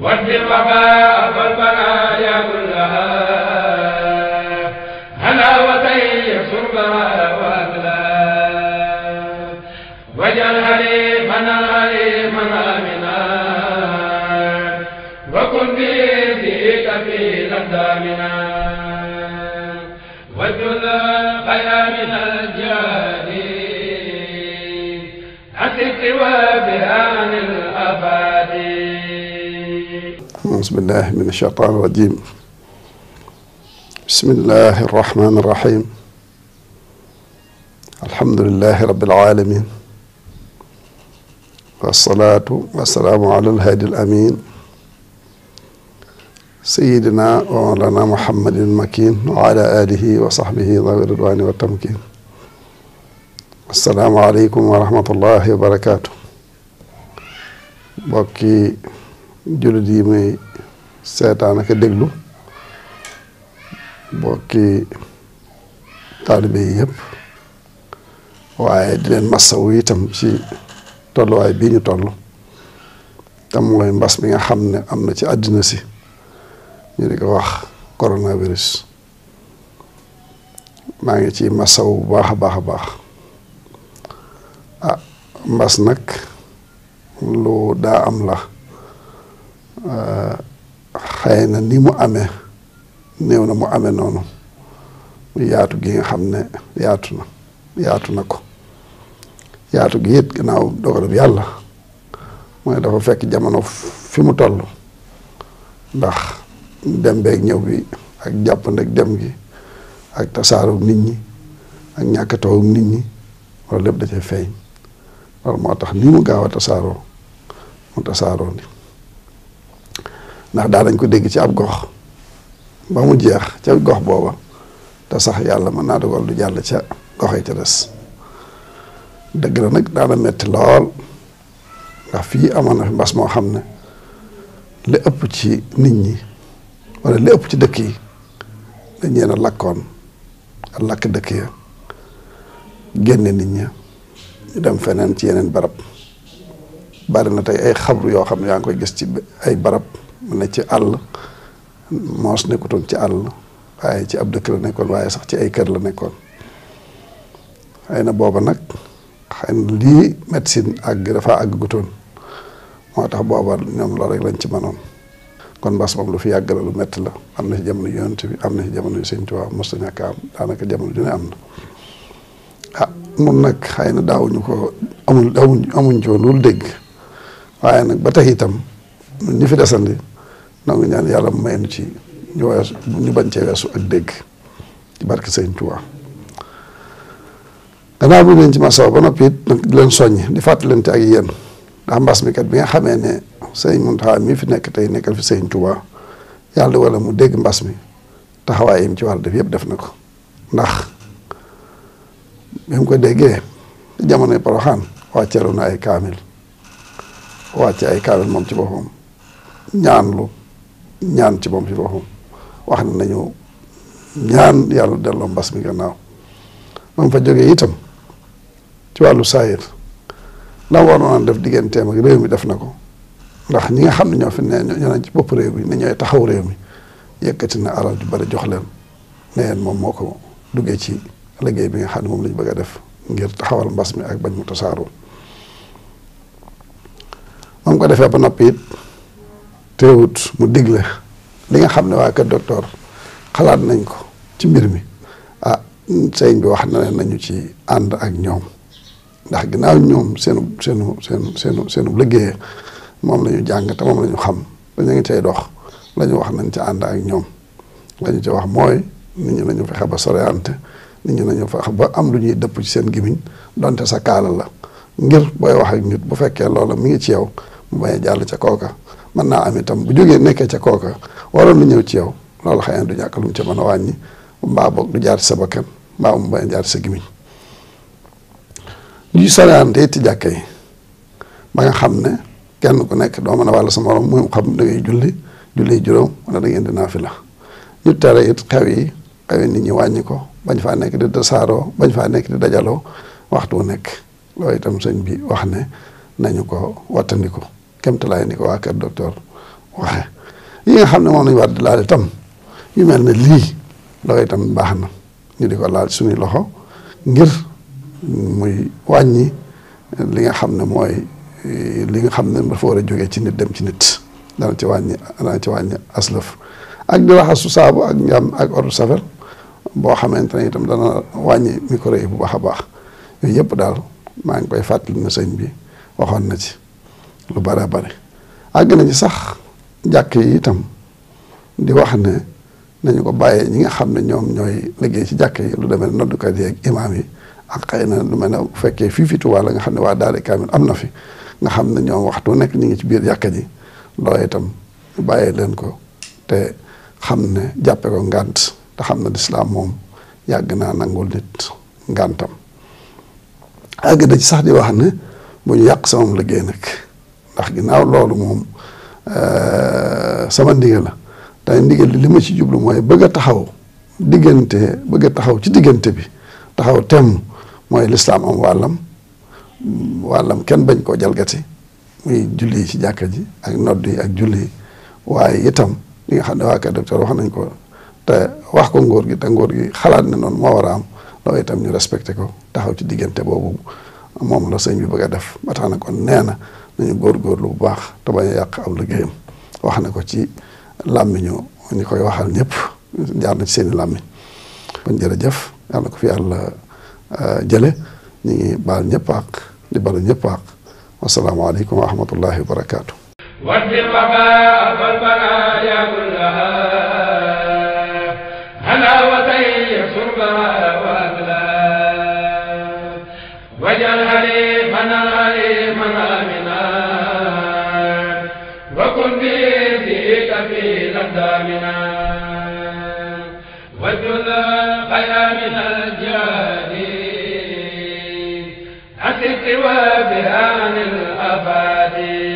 وادفع الوباء والبلايا كلها هلاوتي شربها واكلها واجعل حليفنا حليفنا امنا وكن بيدك في لندامنا واجعل خير من الجاهلين عن سوى بها axusbillah min asheitan irajim bismillahi irrahman irrahim alhamdulilahi rabilalamin wassalaatu wassalaamu ala alhaadi alamin sayidina wa mawlana muhammadin makin waala alihi wa saxbihi dawi ridwani wa tamkin assalaamu aleykum wa rahmatullahi wa barakatuh mbokki jullit yi muy seetaan ak déglu bokki taalibe yi yépp waaye di leen massawu itam ci tolluwaay bii ñu toll te mooy mbas mi nga xam ne am na ci àddina si ñu di ko wax coronavirus maa ngi ci massawu bu baax a baax a baax ah mbas nag lu daa am la ah, xëy na nii mu amee néew na mu amee noonu mu yaatu gi nga xam ne yaatu na yaatu na ko yaatu gi it gannaaw dogalub yàlla mooy dafa fekk jamono fi mu toll ndax dem beeg ñëw bi ak jàppandeg dem gi ak tasaarub nit ñi ak ñàkk nit ñi loolu lépp da cee feeñ loolu moo tax ni mu gaaw a tasaaroo mu tasaaroo ni ndax daa dañ ko dégg ci ab gox ba mu jeex ca gox booba te sax yàlla mën naa dogal du jàll ca gox yi ca des dëgg la nag daana metti lool ndax fii amoon na fi mbas moo xam ne li ëpp ci nit ñi walla li ëpp ci dëkk yi dañ leen a lakkoon ak lakk dëkk ya génne nit ña ñu dem feneen ci yeneen barab bari na tey ay xabru yoo xam ne yaa ngi koy gis ci ay barab mu ci àll moos nekkutoon ci àll waaye ci ab dëkk la nekkoon waaye sax ci ay kër la nekkoon xëy na booba nag xëy na lii médecine àgg dafa àgg gutoon moo tax booba ñoom loolu rek lañ ci manoon kon mbas moom lu fi yàgg la lu métti la am na ci jamono yonent bi am na ci jamono yu Sëñ Tuubaa mos ñàkk am daanaka jamono ju ne am na ah mun nag xay na daawuñu ko amul amuñ amuñ ci woon dégg waaye nag ba tey itam ñu fi desandi nangu ñaan yàlla mu may nu ci ñu bañ cee weesu ak dégg ci barke Sëñ Tuubaa gannaaw bi leen ci masaw ba noppi it nag di leen soññ di fàttalante ak yéen ndax mbas mi kat bi nga xamee ne sëñ Muntaxa mi fi nekk tey nekkal fi Sëñ Tuubaa yàlla wala mu dégg mbas mi taxawaay yi ci war def yëpp def na ko ndax bi mu ko déggee jamonoy Poroxaan wàcceelu na ay kaamil wàcce ay kaamil moom ci boppam ñaanlu ñaan ci moom ci wax na nañu ñaan yàlla delloo mbas mi naaw moom fa jógee itam ci wàllu saayir la waroon def digganteem ak réew mi def na ko ndax ñi nga xam ne ñoo fi ne ñoo nañ ci bopp réew mi ne ñooy taxaw réew mi yëkkati na alal ju bari jox leen ne moom moo ko duggee ci liggéey bi nga xam ne moom lañ bëgg a def ngir taxawal mbas mi ak bañ mu tasaaroo moom ko defee ba noppi it teewut mu digle li nga xam ne waa kër docteur xalaat nañ ko ci mbir mi ah sëñ bi wax na ne nañu ci ànd ak ñoom ndax ginnaaw ñoom seenu seenu seenu seenu seenu liggéey moom lañu ñu jàng te moom lañu xam dañu ngi cay dox la ñu wax nañ ci ànd ak ñoom la ñu ci wax mooy nit ñu nañu fexe ba soreante nit ñi nañu fexe ba am lu ñuy dëpp ci seen gimiñ donte sa kaala la ngir booy wax ak nit bu fekkee loola mi ngi ci yow mu bañ a jàll ca kooka mën naa am itam bu jógee nekkee ca kooka waroon lu ñëw ci yow loolu xëy du ñàkk lu mu ca mën a wàññi mbaa du jaar ci sa bakkan mbaa mu bañ jaar ci sa gimiñ ñuy soriante ci jàkka yi ba nga xam ne kenn ku nekk doo mën a wàll sa morom muy xam da ngay julli julli juróom wala da ngeen di naafila ñu tere it xew yi xew yi nit ñi wàññi ko bañ faa nekk di tasaaroo bañ faa nekk di dajaloo waxtu nekk loolu itam sëñ bi wax ne nañu ko wattandiku. kemtalaay ni ko waa kër docteur waxe yi nga xam ne moom lañu waat di laal tam yu mel na lii loolu itam baax na ñu di ko laal suñuy loxo ngir muy wàññi li nga xam ne mooy li nga xam ne dafa war a jógee ci nit dem ci nit dana ci wàññi dana wàññi aslëf ak di raxasu saabu ak njàm ak eau de javel boo xamante ne itam dana wàññi micro yi bu baax a baax yooyu yëpp daal maa ngi koy fàttali na sëñ bi waxoon na ci lu bare bare àgg nañu sax jàkk yi itam di wax ne nañu ko bàyyee ñi nga xam ne ñoom ñooy liggéey ci jàkk yi lu demee ne noddukat yi ak imaam yi ak na lu mel ne bu fekkee fii fii Tuubaa la nga xam ne waa am na fi nga xam ne ñoom waxtu nekk ñu ngi ci biir jàkka ji loolu itam bàyyee leen ko te xam ne jàppe ko ngànt te xam ne lislaam moom yàgg naa nangul nit ngàntam àgg na ci sax di wax ne bu ñu yàq sama liggéey nag ndax ginnaaw loolu moom euh, sama ndigal la tey ndigal li ma ci jublu mooy bëgg taxaw diggante bëgg a taxaw ci diggante bi taxaw temm mooy lislaam am wàllam wàllam kenn bañ koo jalgati muy julli ci jàkka ji ak nodd yi ak julli waaye itam li nga xam ne waa kër docteur wax nañ ko te wax ko ngóor gi te ngóor gi xalaat ne noonu moo war a am loolu itam ñu respecté ko taxaw ci diggante boobu moom la sëñ bi bëgg a def ba tax na kon nee na nañu góorgóorlu bu baax te bañ a yàq am liggéeyam wax na ko ci làmmiñu ñu koy waxal ñëpp jaar na ci seen i làmmiñ kon jërëjëf yàlla ko fi yàlla euh, jële ñu ngi baal ñëpp àq di balu ñëpp àq wasalaamaaleykum wa rahmatullahi wa barakaatu. في لقدامنا وجل الخير من الجاد عن السوى بها عن الأبادي